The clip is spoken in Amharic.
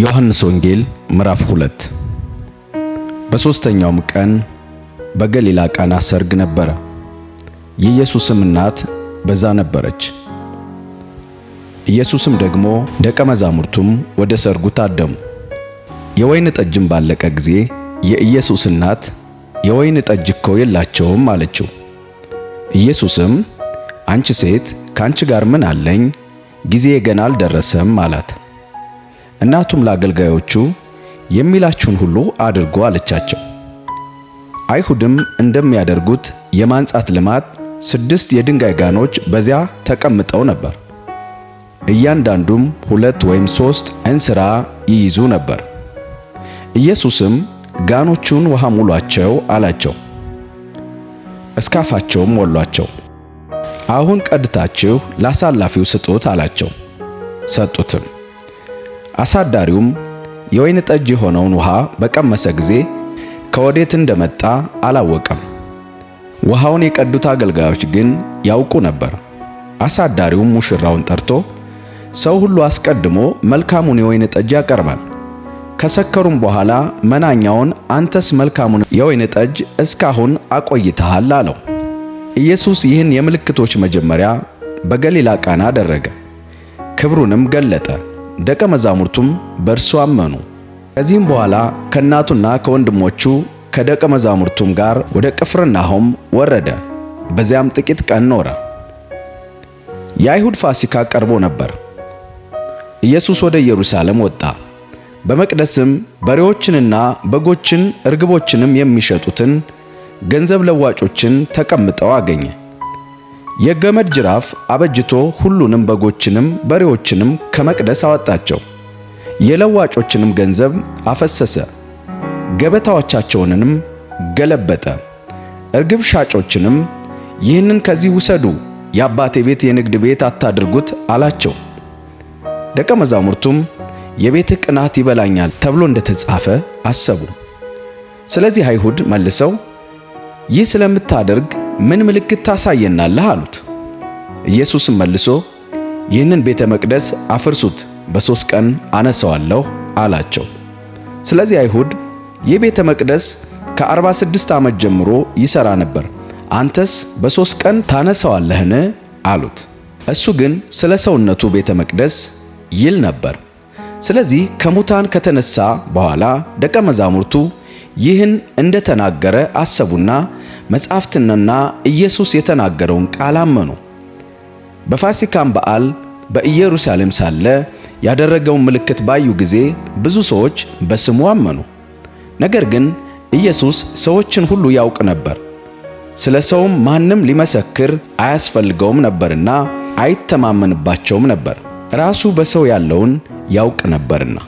ዮሐንስ ወንጌል ምዕራፍ 2 በሦስተኛውም ቀን በገሊላ ቃና ሰርግ ነበረ። የኢየሱስም እናት በዛ ነበረች። ኢየሱስም ደግሞ ደቀ መዛሙርቱም ወደ ሰርጉ ታደሙ። የወይን ጠጅም ባለቀ ጊዜ የኢየሱስ እናት የወይን ጠጅ እኮ የላቸውም አለችው። ኢየሱስም አንቺ ሴት ካንቺ ጋር ምን አለኝ? ጊዜ ገና አልደረሰም አላት። እናቱም ለአገልጋዮቹ የሚላችሁን ሁሉ አድርጉ አለቻቸው። አይሁድም እንደሚያደርጉት የማንጻት ልማት ስድስት የድንጋይ ጋኖች በዚያ ተቀምጠው ነበር። እያንዳንዱም ሁለት ወይም ሶስት እንስራ ይይዙ ነበር። ኢየሱስም ጋኖቹን ውሃ ሙሏቸው አላቸው። እስካፋቸውም ሞሏቸው። አሁን ቀድታችሁ ላሳላፊው ስጡት አላቸው። ሰጡትም። አሳዳሪውም የወይን ጠጅ የሆነውን ውሃ በቀመሰ ጊዜ ከወዴት እንደመጣ አላወቀም። ውሃውን የቀዱት አገልጋዮች ግን ያውቁ ነበር። አሳዳሪውም ሙሽራውን ጠርቶ ሰው ሁሉ አስቀድሞ መልካሙን የወይን ጠጅ ያቀርባል፣ ከሰከሩም በኋላ መናኛውን አንተስ መልካሙን የወይን ጠጅ እስካሁን አቆይተሃል አለው። ኢየሱስ ይህን የምልክቶች መጀመሪያ በገሊላ ቃና አደረገ፣ ክብሩንም ገለጠ። ደቀ መዛሙርቱም በእርሱ አመኑ። ከዚህም በኋላ ከእናቱና ከወንድሞቹ ከደቀ መዛሙርቱም ጋር ወደ ቅፍርናሆም ወረደ። በዚያም ጥቂት ቀን ኖረ። የአይሁድ ፋሲካ ቀርቦ ነበር። ኢየሱስ ወደ ኢየሩሳሌም ወጣ። በመቅደስም በሬዎችንና በጎችን፣ እርግቦችንም የሚሸጡትን ገንዘብ ለዋጮችን ተቀምጠው አገኘ። የገመድ ጅራፍ አበጅቶ ሁሉንም በጎችንም በሬዎችንም ከመቅደስ አወጣቸው። የለዋጮችንም ገንዘብ አፈሰሰ፣ ገበታዎቻቸውንም ገለበጠ። እርግብ ሻጮችንም ይህንን ከዚህ ውሰዱ፣ የአባቴ ቤት የንግድ ቤት አታድርጉት አላቸው። ደቀ መዛሙርቱም የቤት ቅናት ይበላኛል ተብሎ እንደተጻፈ አሰቡ። ስለዚህ አይሁድ መልሰው ይህ ስለምታደርግ ምን ምልክት ታሳየናለህ? አሉት። ኢየሱስም መልሶ ይህንን ቤተ መቅደስ አፍርሱት፣ በሦስት ቀን አነሳዋለሁ አላቸው። ስለዚህ አይሁድ ይህ ቤተ መቅደስ ከ46 ዓመት ጀምሮ ይሠራ ነበር፣ አንተስ በሦስት ቀን ታነሳዋለህን? አሉት። እሱ ግን ስለ ሰውነቱ ቤተ መቅደስ ይል ነበር። ስለዚህ ከሙታን ከተነሳ በኋላ ደቀ መዛሙርቱ ይህን እንደተናገረ አሰቡና መጻሕፍትንና ኢየሱስ የተናገረውን ቃል አመኑ። በፋሲካም በዓል በኢየሩሳሌም ሳለ ያደረገውን ምልክት ባዩ ጊዜ ብዙ ሰዎች በስሙ አመኑ። ነገር ግን ኢየሱስ ሰዎችን ሁሉ ያውቅ ነበር፣ ስለ ሰውም ማንም ሊመሰክር አያስፈልገውም ነበርና አይተማመንባቸውም ነበር፣ ራሱ በሰው ያለውን ያውቅ ነበርና።